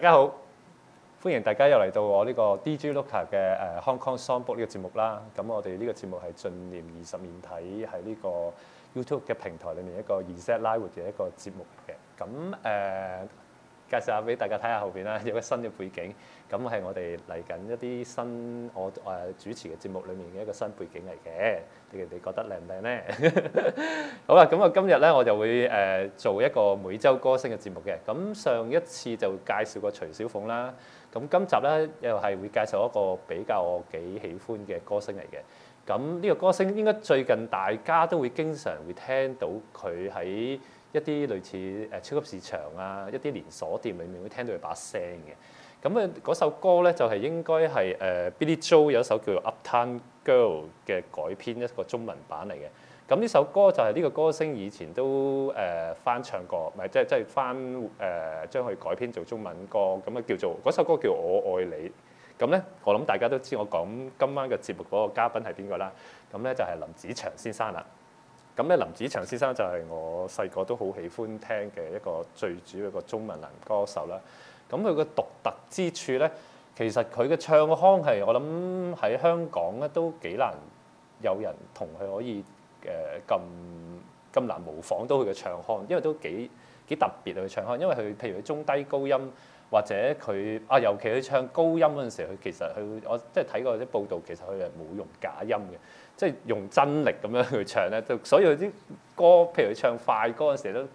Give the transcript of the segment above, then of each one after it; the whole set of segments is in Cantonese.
大家好，歡迎大家又嚟到我呢個 DJ Luka 嘅 Hong Kong Songbook 呢個節目啦。咁我哋呢個節目係進念二十面體喺呢個 YouTube 嘅平台裏面一個 ZLive 嘅一個節目嘅。咁誒。介紹下俾大家睇下後邊啦，有一個新嘅背景，咁係我哋嚟緊一啲新我誒主持嘅節目裏面嘅一個新背景嚟嘅，你哋覺得靚唔靚咧？好啦，咁啊今日咧我就會誒做一個每週歌星嘅節目嘅，咁上一次就介紹過徐小鳳啦，咁今集咧又係會介紹一個比較我幾喜歡嘅歌星嚟嘅，咁呢個歌星應該最近大家都會經常會聽到佢喺，一啲類似誒超級市場啊，一啲連鎖店裏面會聽到佢把聲嘅。咁啊，嗰首歌咧就係應該係誒 Billy Joel 有一首叫做《Uptown Girl》嘅改編一個中文版嚟嘅。咁呢首歌就係呢個歌星以前都誒、呃、翻唱過唔係，咪即係即係翻誒將佢改編做中文歌，咁啊叫做嗰首歌叫《我愛你》。咁咧，我諗大家都知我講今晚嘅節目嗰個嘉賓係邊個啦？咁咧就係林子祥先生啦。咁咧，林子祥先生就係我細個都好喜歡聽嘅一個最主要一個中文男歌手啦。咁佢個獨特之處咧，其實佢嘅唱腔係我諗喺香港咧都幾難有人同佢可以咁、呃、咁難模仿到佢嘅唱腔，因為都幾幾特別佢唱腔，因為佢譬如佢中低高音或者佢啊，尤其佢唱高音嗰陣時，佢其實佢我即係睇過啲報導，其實佢係冇用假音嘅。即係用真力咁樣去唱咧，都所以佢啲歌，譬如佢唱快歌嗰陣時都誒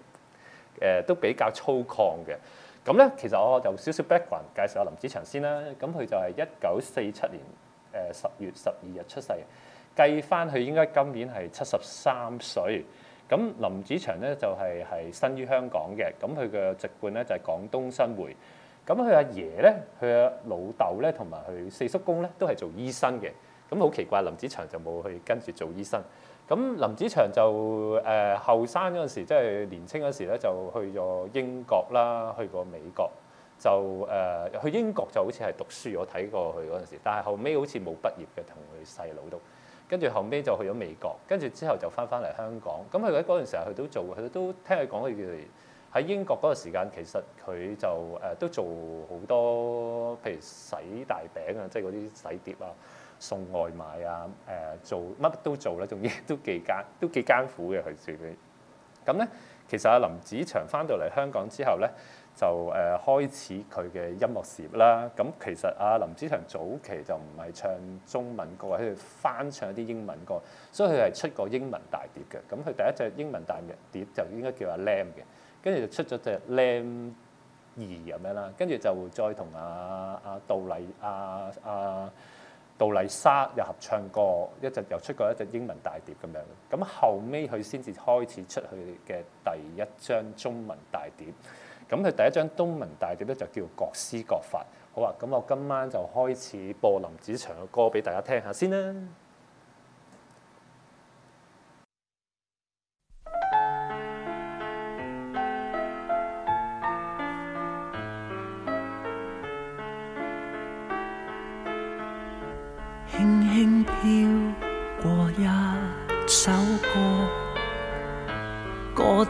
都比較粗獷嘅。咁咧，其實我就少少 background 介紹下林子祥先啦。咁佢就係一九四七年誒十月十二日出世，計返佢應該今年係七十三歲。咁林子祥咧就係係生於香港嘅，咁佢嘅籍貫咧就係廣東新會。咁佢阿爺咧，佢阿老豆咧，同埋佢四叔公咧都係做醫生嘅。咁好奇怪，林子祥就冇去跟住做醫生。咁林子祥就誒後生嗰陣時，即係年青嗰時咧，就是、去咗英國啦，去過美國，就誒、呃、去英國就好似係讀書，我睇過佢嗰陣時。但係後尾好似冇畢業嘅，同佢細佬讀。跟住後尾就去咗美國，跟住之後就翻翻嚟香港。咁佢喺嗰陣時，佢都做，佢都聽佢講，佢哋喺英國嗰個時間，其實佢就誒、呃、都做好多，譬如洗大餅啊，即係嗰啲洗碟啊。送外賣啊！誒、呃，做乜都做啦，仲要都幾艱都幾艱苦嘅。佢自己咁咧。其實阿林子祥返到嚟香港之後咧，就誒開始佢嘅音樂事業啦。咁其實阿林子祥早期就唔係唱中文歌，喺度翻唱一啲英文歌，所以佢係出過英文大碟嘅。咁佢第一隻英文大碟就應該叫阿 Lam 嘅，跟住就出咗隻 Lam 二咁樣啦。跟住就再同阿阿杜麗阿阿，啊啊杜麗莎又合唱過一隻，又出過一隻英文大碟咁樣。咁後尾，佢先至開始出去嘅第一張中文大碟。咁佢第一張中文大碟咧就叫《各師各法》。好啊，咁我今晚就開始播林子祥嘅歌俾大家聽一下先啦。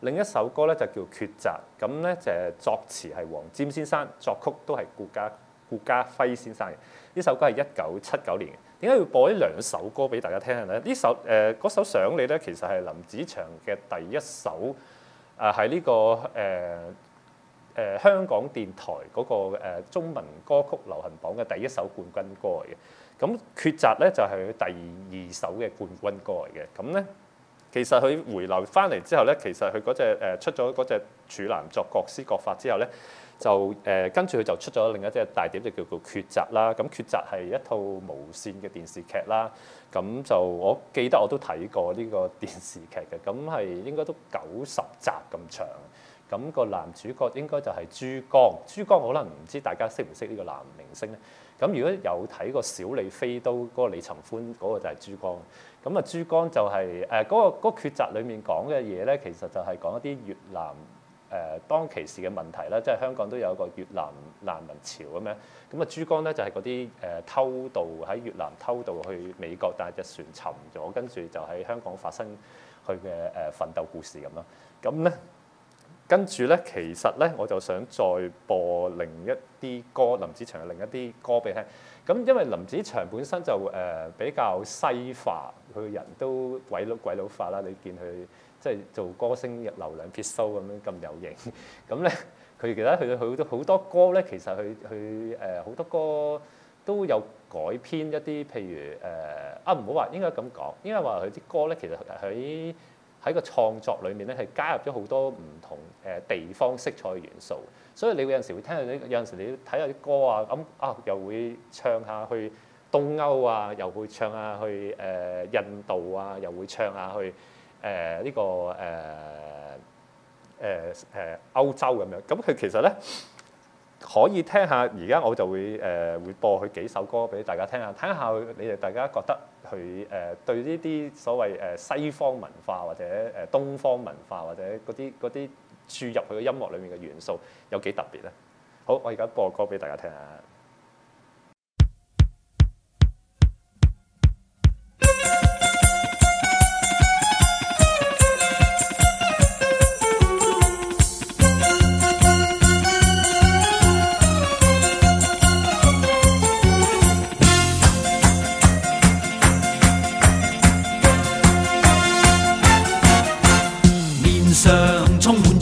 另一首歌咧就叫《抉擇》，咁咧就係作詞係黃霑先生，作曲都係顧嘉顧嘉煇先生嘅。呢首歌係一九七九年嘅。點解要播呢兩首歌俾大家聽嘅咧？呢首誒嗰首《想、呃、你》咧，其實係林子祥嘅第一首啊，喺呢個誒誒香港電台嗰個中文歌曲流行榜嘅第一首冠軍歌嚟嘅。咁《抉擇》咧就係佢第二首嘅冠軍歌嚟嘅。咁咧。其實佢回流翻嚟之後咧，其實佢嗰隻誒、呃、出咗嗰隻處男作各師各法之後咧，就誒跟住佢就出咗另一隻大碟，就叫做《抉擇》啦。咁、嗯《抉擇》係一套無線嘅電視劇啦。咁、嗯、就我記得我都睇過呢個電視劇嘅。咁、嗯、係應該都九十集咁長。咁、嗯、那個男主角應該就係朱江。朱江可能唔知大家識唔識呢個男明星咧。咁、嗯、如果有睇過《小李飛刀》嗰、那個李尋歡，嗰、那個就係朱江。咁啊，珠江就係誒嗰個抉擇裡面講嘅嘢咧，其實就係講一啲越南誒當其時嘅問題啦，即係香港都有一個越南難民潮咁樣。咁啊，珠江咧就係嗰啲誒偷渡喺越南偷渡去美國，但係隻船沉咗，跟住就喺香港發生佢嘅誒奮鬥故事咁啦。咁咧，跟住咧，其實咧，我就想再播另一啲歌，林子祥嘅另一啲歌俾你聽。咁因為林子祥本身就誒、呃、比較西化，佢個人都鬼佬鬼佬化啦。你見佢即係做歌星入流量撇 s 咁樣咁有型。咁咧佢其實他佢佢都好多歌咧，其實佢佢誒好多歌都有改編一啲，譬如誒、呃、啊唔好話應該咁講，應該話佢啲歌咧其實喺。他喺個創作裏面咧，係加入咗好多唔同誒地方色彩元素，所以你會有陣時會聽下啲，有陣時你睇下啲歌啊，咁啊又會唱下去東歐啊，又會唱下去誒印度啊，又會唱下去誒呢個誒誒誒歐洲咁樣。咁佢其實咧可以聽下，而家我就會誒會播佢幾首歌俾大家聽下。睇下你哋大家覺得。佢誒、呃、對呢啲所謂誒、呃、西方文化或者誒、呃、東方文化或者嗰啲嗰啲注入佢嘅音樂裏面嘅元素有幾特別咧？好，我而家播歌俾大家聽一下。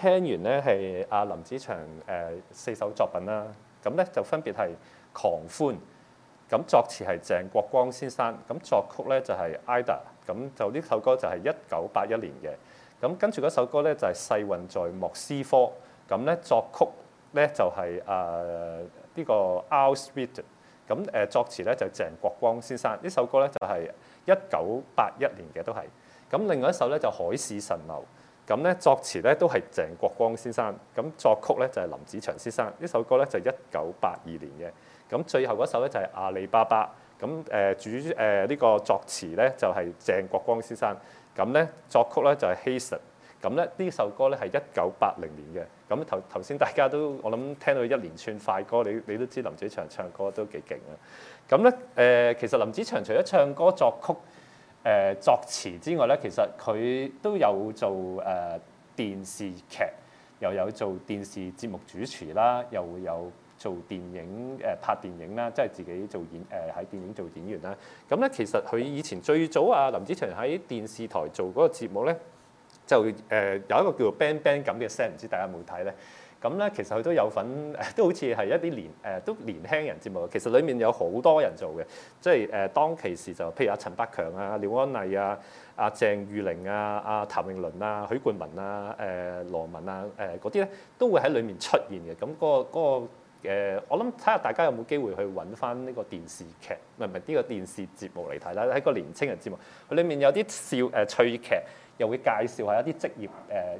聽完咧係阿林子祥誒、呃、四首作品啦，咁咧就分別係狂歡，咁作詞係鄭國江先生，咁作曲咧就係、是、IDA，咁就呢首歌就係一九八一年嘅，咁跟住嗰首歌咧就係、是、世運在莫斯科，咁咧作曲咧就係誒呢個 R. Siegel 咁誒作詞咧就係、是、鄭國江先生，呢首歌咧就係一九八一年嘅都係，咁另外一首咧就是、海市蜃樓。咁咧作詞咧都係鄭國江先生，咁作曲咧就係林子祥先生。呢首歌咧就係一九八二年嘅。咁最後嗰首咧就係亞里巴巴。咁誒主誒呢個作詞咧就係鄭國江先生。咁咧作曲咧就係 Heinz。咁咧呢首歌咧係一九八零年嘅。咁頭頭先大家都我諗聽到一連串快歌，你你都知林子祥唱歌都幾勁啊。咁咧誒其實林子祥除咗唱歌作曲、誒、呃、作詞之外咧，其實佢都有做誒、呃、電視劇，又有做電視節目主持啦，又會有做電影、呃、拍電影啦，即係自己做演誒喺、呃、電影做演員啦。咁咧，其實佢以前最早啊，林子祥喺電視台做嗰個節目咧，就、呃、誒有一個叫做 Bang Bang 咁嘅聲，唔知大家有冇睇咧？咁咧，其實佢都有份，誒都好似係一啲年，誒都年輕人節目。其實裡面有好多人做嘅，即係誒當其時就，譬如阿陳百強啊、廖安麗啊、阿鄭裕玲啊、阿譚詠麟啊、許冠文啊、誒、呃、羅文啊、誒嗰啲咧，都會喺裡面出現嘅。咁、嗰、嗰個嗰、嗰個呃、我諗睇下大家有冇機會去揾翻呢個電視劇，唔係唔係呢個電視節目嚟睇啦。喺個年輕人節目，佢裡面有啲笑誒、呃、趣劇。又會介紹下一啲職業，誒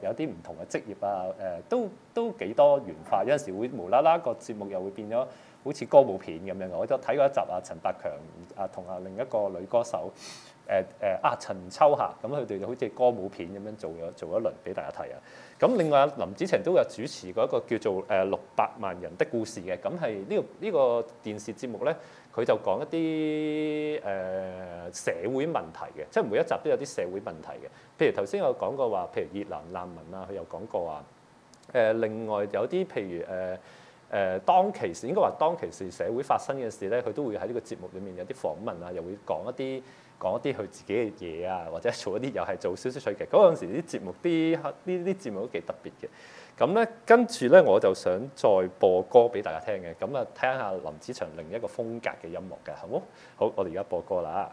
有啲唔同嘅職業啊，誒都都幾多元化，有陣、呃、時候會無啦啦個節目又會變咗好似歌舞片咁樣嘅，我都睇過一集啊，陳百強啊同啊另一個女歌手，誒誒啊陳秋霞，咁佢哋就好似歌舞片咁樣做咗做咗輪俾大家睇啊，咁、嗯、另外林子祥都有主持過一個叫做誒六百萬人的故事嘅，咁係呢個呢、呢個電視節目呢。佢就講一啲誒、呃、社會問題嘅，即係每一集都有啲社會問題嘅。譬如頭先我講過話，譬如越南難民啊，佢有講過啊。誒、呃、另外有啲譬如誒誒、呃呃、當其時，應該話當其時社會發生嘅事咧，佢都會喺呢個節目裡面有啲訪問啊，又會講一啲講一啲佢自己嘅嘢啊，或者做一啲又係做少少水劇。嗰陣時啲節目啲呢啲節目都幾特別嘅。咁咧，跟住咧，我就想再播歌俾大家聽嘅，咁啊，聽下林子祥另一個風格嘅音樂嘅，好唔好？好，我哋而家播歌啦。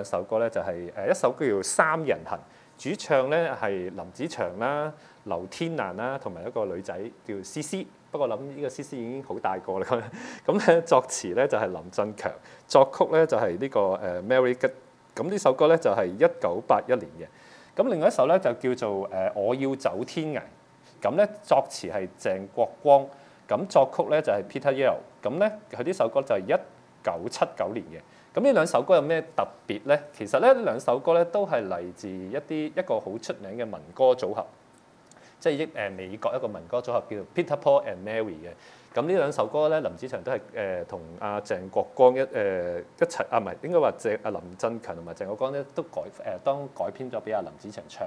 一首歌咧就係、是、誒一首叫《三人行》，主唱咧係林子祥啦、劉天蘭啦，同埋一個女仔叫詩詩。不過諗呢個詩詩已經好大個啦。咁 咧作詞咧就係林振強，作曲咧就係呢個誒 Mary 吉。咁呢首歌咧就係一九八一年嘅。咁另外一首咧就叫做誒我要走天涯，咁咧作詞係鄭國江，咁作曲咧就係 Peter Yarrow。咁咧佢呢首歌就係一九七九年嘅。咁呢兩首歌有咩特別咧？其實咧，呢兩首歌咧都係嚟自一啲一個好出名嘅民歌組合，即係誒美國一個民歌組合叫 Peter Paul and Mary 嘅。咁呢兩首歌咧，林子祥都係誒同阿鄭國江一誒一齊啊，唔係應該話鄭阿林振強同埋鄭國江咧都改誒當改編咗俾阿林子祥唱。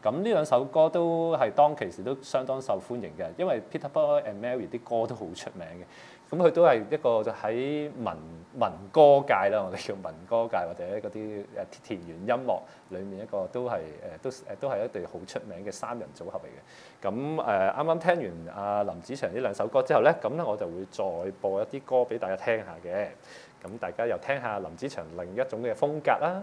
咁呢兩首歌都係當其時都相當受歡迎嘅，因為 Peter Paul and Mary 啲歌都好出名嘅。咁佢都係一個就喺民。民歌界啦，我哋叫民歌界或者嗰啲誒田園音樂裏面一個都係誒都誒都係一對好出名嘅三人組合嚟嘅。咁誒啱啱聽完阿林子祥呢兩首歌之後咧，咁咧我就會再播一啲歌俾大家聽下嘅。咁大家又聽下林子祥另一種嘅風格啦。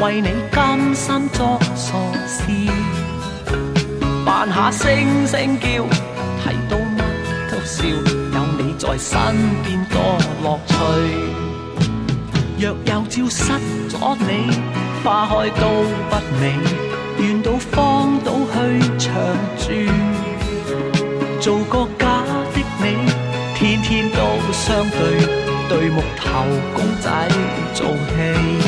為你甘心作傻事，扮下猩猩叫，睇到乜都笑。有你在身邊多樂趣。若有朝失咗你，花開都不美。願到荒島去長住，做個假的你，天天都相對，對木頭公仔做戲。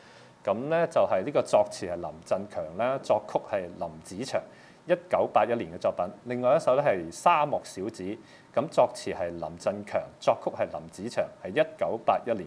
咁咧就係呢個作詞係林振強啦，作曲係林子祥，一九八一年嘅作品。另外一首咧係沙漠小子，咁作詞係林振強，作曲係林子祥，係一九八一年。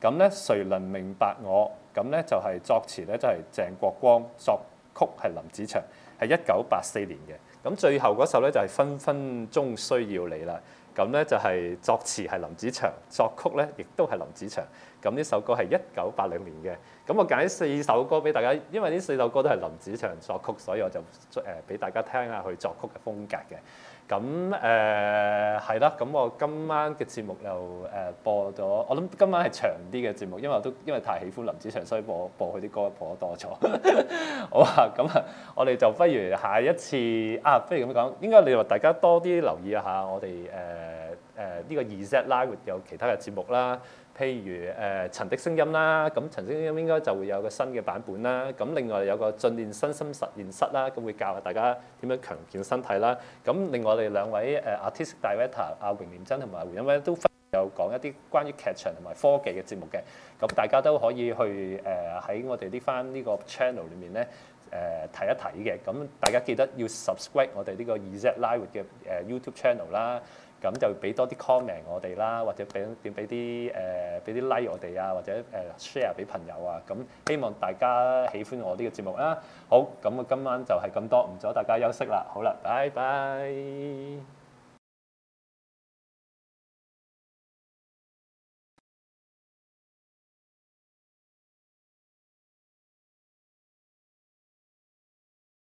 咁咧誰能明白我？咁咧就係作詞咧就係鄭國江，作曲係林子祥，係一九八四年嘅。咁最後嗰首咧就係分分鐘需要你啦。咁咧就係作詞係林子祥，作曲咧亦都係林子祥。咁呢首歌係一九八零年嘅。咁我揀四首歌俾大家，因為呢四首歌都係林子祥作曲，所以我就誒俾大家聽下佢作曲嘅風格嘅。咁誒係啦，咁、嗯、我今晚嘅節目又播咗，我諗今晚係長啲嘅節目，因為我都因為太喜歡林子祥，所以播播佢啲歌播得多咗。 好啊，咁啊，我哋就不如下一次啊，不如咁講，應該你話大家多啲留意一下我哋誒呢個 ZLive 有其他嘅節目啦。譬如誒、呃、陳的聲音啦，咁陳的聲音應該就會有個新嘅版本啦。咁另外有個鍛鍊身心實驗室啦，咁會教大家點樣強健身體啦。咁另外我哋兩位誒 artistic director 阿榮念曾同埋胡恩威都有講一啲關於劇場同埋科技嘅節目嘅。咁大家都可以去誒喺、呃、我哋呢番呢個 channel 裏面咧誒睇一睇嘅。咁大家記得要 subscribe 我哋呢個 ZLive 嘅誒 YouTube channel 啦。咁就俾多啲 comment 我哋啦，或者俾俾啲、呃、俾啲 like 我哋啊，或者呃、share 俾朋友啊。咁希望大家喜歡我呢個節目啊。好，咁啊今晚就係咁多，唔阻大家休息啦。好啦，拜拜。